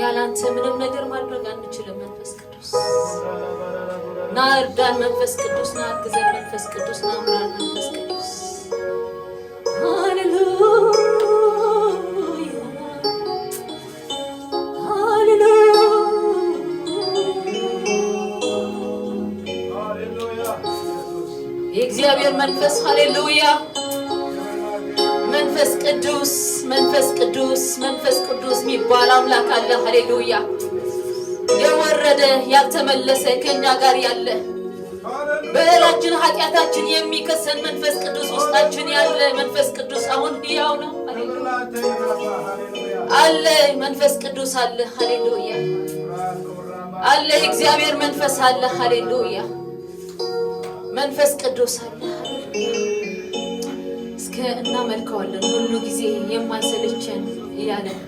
ያላንተ ምንም ነገር ማድረግ አንችልም። መንፈስ ቅዱስ ና እርዳን። መንፈስ ቅዱስ ና አግዘን። መንፈስ ቅዱስ ና ምራን። መንፈስ ቅዱስ የእግዚአብሔር መንፈስ ሃሌሉያ መንፈስ ቅዱስ መንፈስ ቅዱስ መንፈስ ቅዱስ የሚባል አምላክ አለ። ሃሌሉያ! የወረደ ያልተመለሰ ከኛ ጋር ያለ በእላችን ኃጢአታችን የሚከሰን መንፈስ ቅዱስ ውስጣችን ያለ መንፈስ ቅዱስ አሁን ያው ነው አለ። መንፈስ ቅዱስ አለ። ሃሌሉያ! አለ እግዚአብሔር መንፈስ አለ። ሃሌሉያ! መንፈስ ቅዱስ አለ። እናመልከዋለን ሁሉ ጊዜ የማይሰለቸን እያለን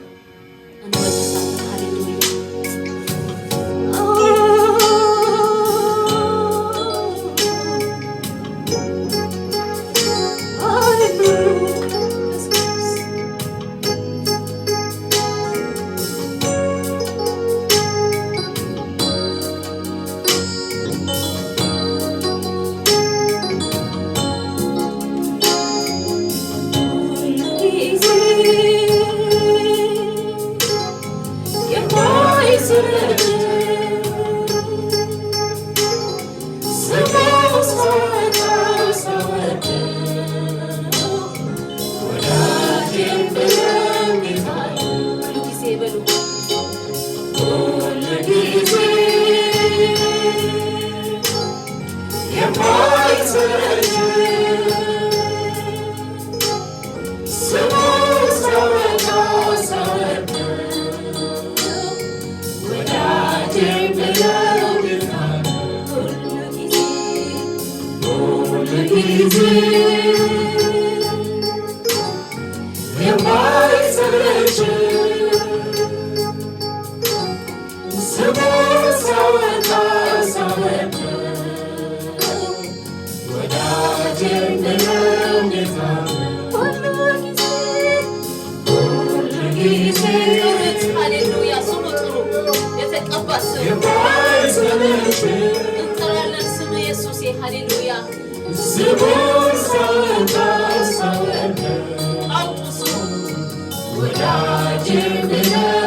እንመልሳለን። Would I do below?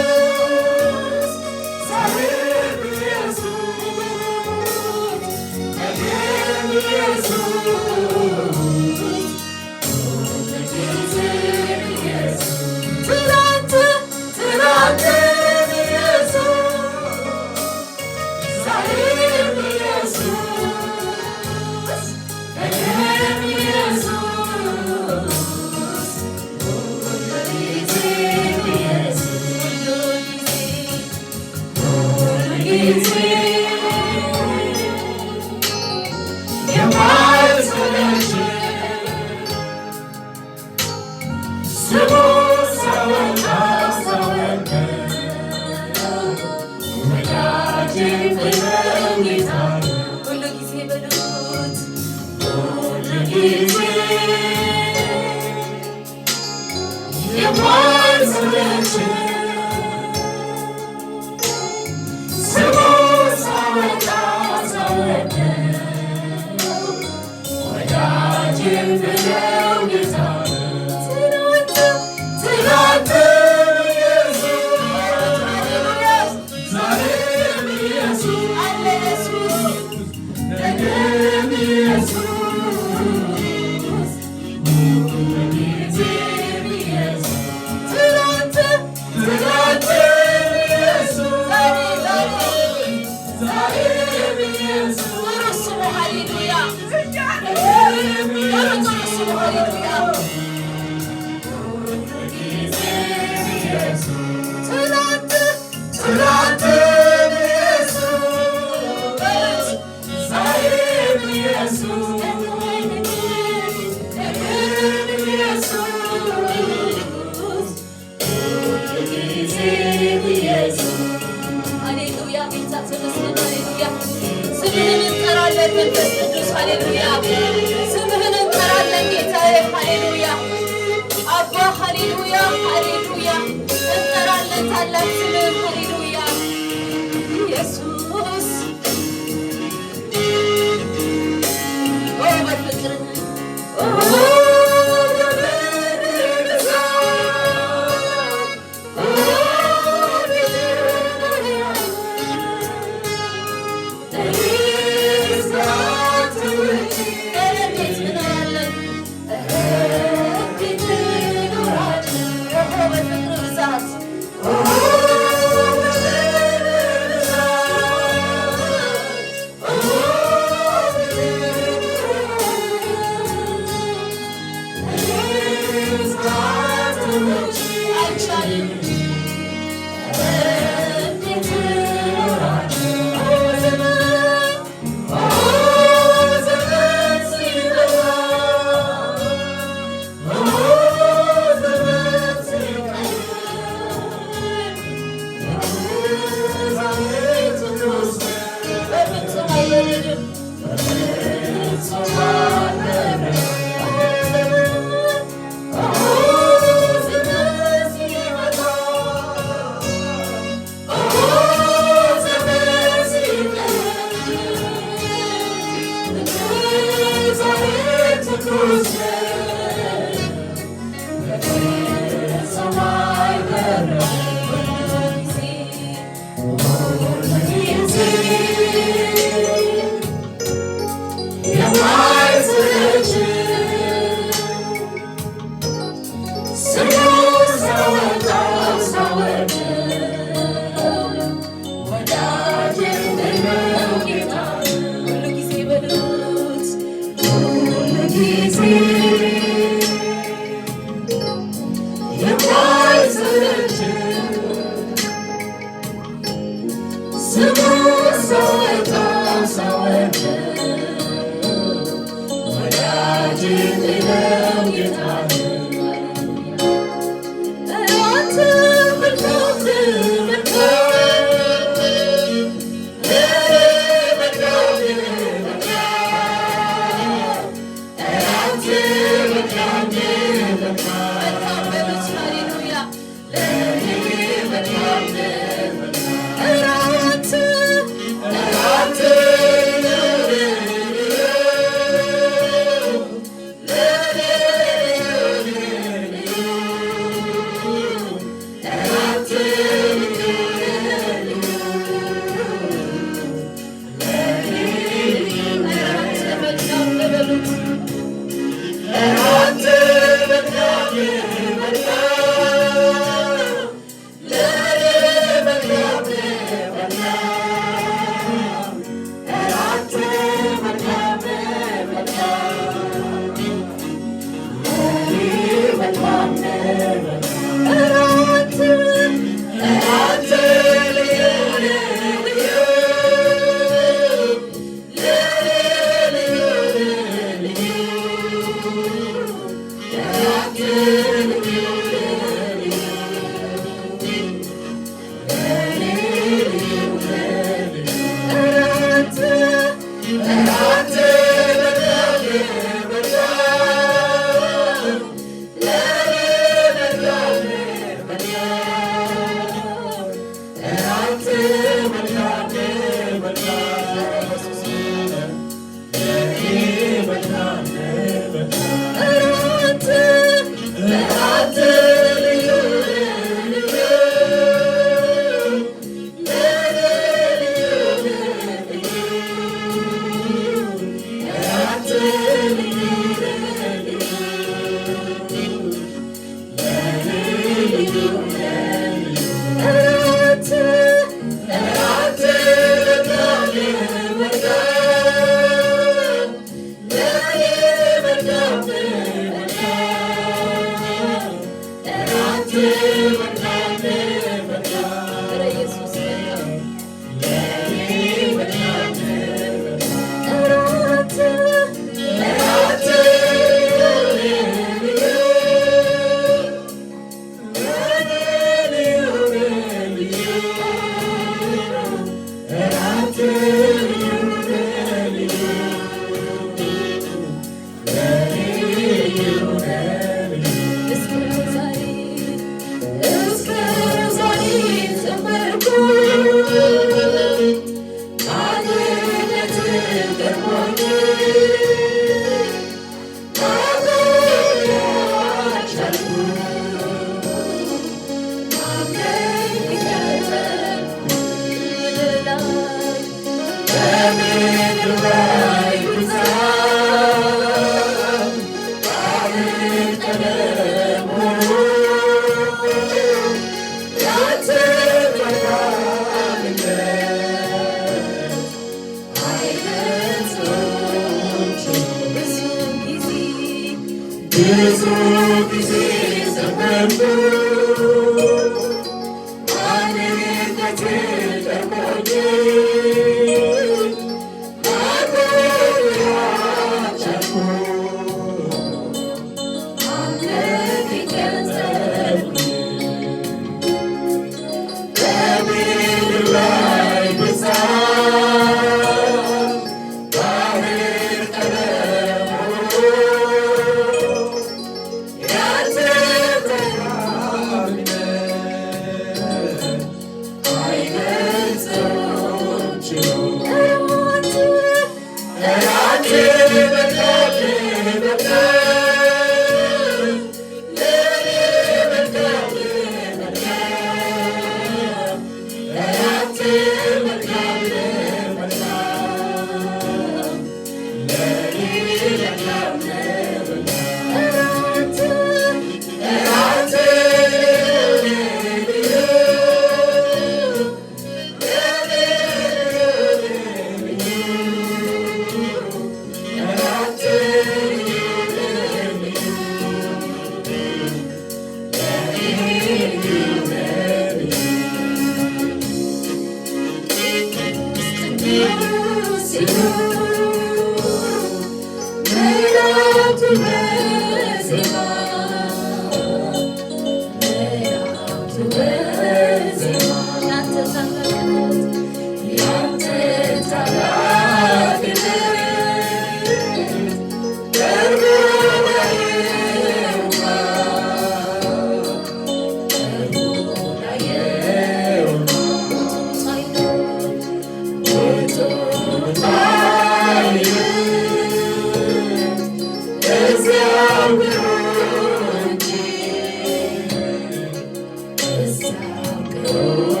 So good. go.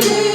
Deus.